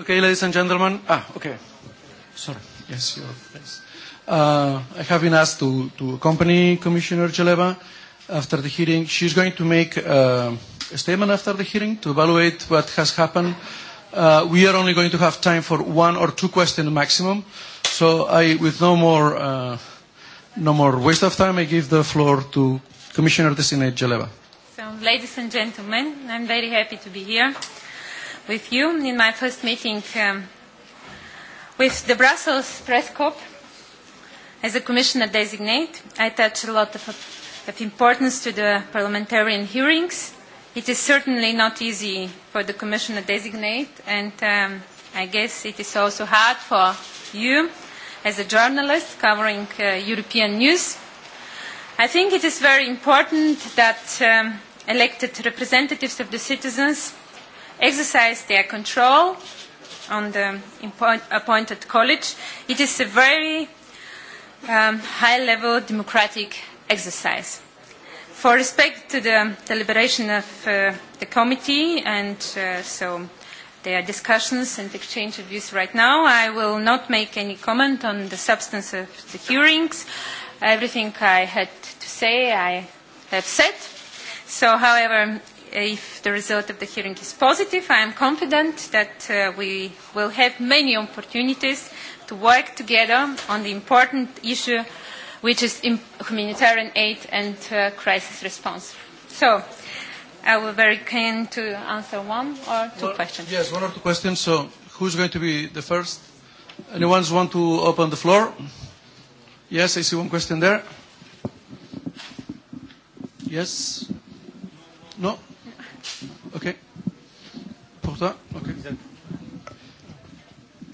Okay, ladies and gentlemen. Ah, okay. Sorry. Yes, are. Yes. Uh, I have been asked to, to accompany Commissioner Jaleva after the hearing. She's going to make uh, a statement after the hearing to evaluate what has happened. Uh, we are only going to have time for one or two questions maximum. So I, with no more, uh, no more waste of time, I give the floor to Commissioner Designate Jaleva. So, ladies and gentlemen, I'm very happy to be here with you in my first meeting um, with the Brussels Press Corps. As a commissioner designate, I touch a lot of, of importance to the parliamentarian hearings. It is certainly not easy for the commissioner designate, and um, I guess it is also hard for you as a journalist covering uh, European news. I think it is very important that um, elected representatives of the citizens exercise their control on the appointed college. It is a very um, high-level democratic exercise. For respect to the deliberation of uh, the committee and uh, so their discussions and exchange of views right now, I will not make any comment on the substance of the hearings. Everything I had to say, I have said. So, however, if the result of the hearing is positive, I am confident that uh, we will have many opportunities to work together on the important issue which is humanitarian aid and uh, crisis response. So, I will very keen to answer one or two well, questions. Yes, one or two questions. So, who's going to be the first? Anyone want to open the floor? Yes, I see one question there. Yes? No? Okay. Porta? Okay.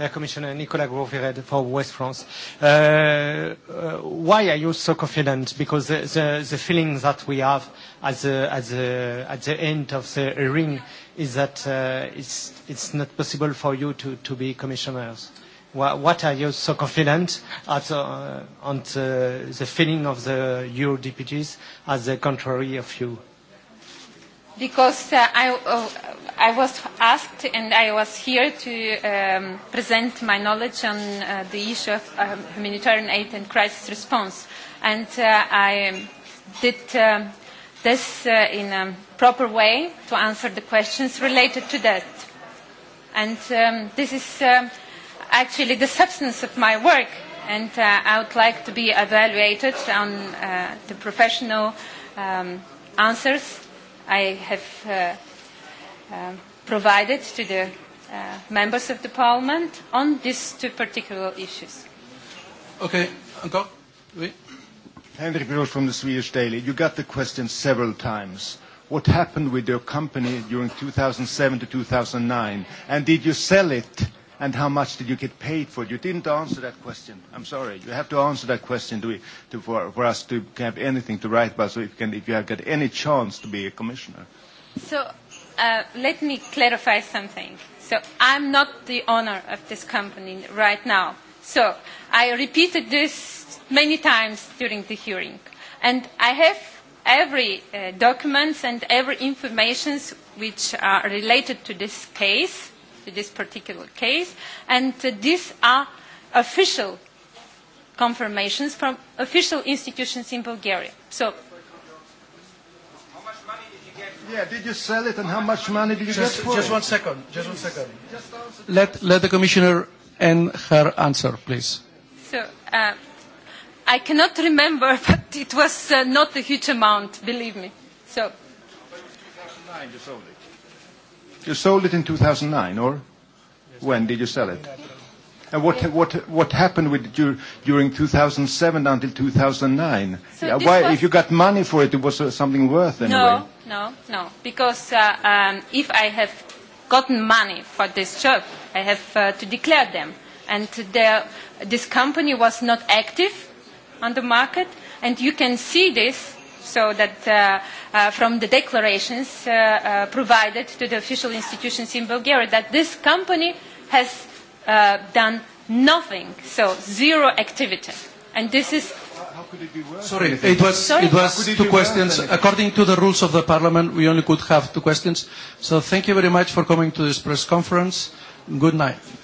Uh, Commissioner Nicolas Grovered for West France. Uh, uh, why are you so confident? Because the, the, the feeling that we have at the, at, the, at the end of the ring is that uh, it's, it's not possible for you to, to be commissioners. Why, what are you so confident at, uh, on the, the feeling of the Euro deputies as the contrary of you? because uh, I, uh, I was asked and I was here to um, present my knowledge on uh, the issue of um, humanitarian aid and crisis response. And uh, I did um, this uh, in a proper way to answer the questions related to that. And um, this is uh, actually the substance of my work. And uh, I would like to be evaluated on uh, the professional um, answers I have uh, uh, provided to the uh, members of the parliament on these two particular issues. Okay, Anko? Oui? Henrik Brot from the Swedish Daily. You got the question several times. What happened with your company during 2007 to 2009? And did you sell it and how much did you get paid for it? You didn't answer that question. I'm sorry. You have to answer that question to, to, for, for us to have anything to write about, so if, you can, if you have got any chance to be a commissioner. So uh, let me clarify something. So I'm not the owner of this company right now. So I repeated this many times during the hearing. And I have every uh, documents and every information which are related to this case to this particular case. And uh, these are official confirmations from official institutions in Bulgaria. So Yeah, did you sell it and how much money did you just, get for Just it? one second, just one second. Just let, let the commissioner and her answer, please. So, uh, I cannot remember, but it was uh, not a huge amount, believe me. So. You sold it in 2009, or yes. when did you sell it? And what, what, what happened with you during 2007 until 2009? So yeah, why, was... if you got money for it, it was uh, something worth anyway. No, no, no. Because uh, um, if I have gotten money for this job, I have uh, to declare them. And there, this company was not active on the market, and you can see this so that uh, uh, from the declarations uh, uh, provided to the official institutions in Bulgaria that this company has uh, done nothing, so zero activity. And this is it Sorry, it was, Sorry? it was it two questions. According to the rules of the Parliament, we only could have two questions. So thank you very much for coming to this press conference. Good night.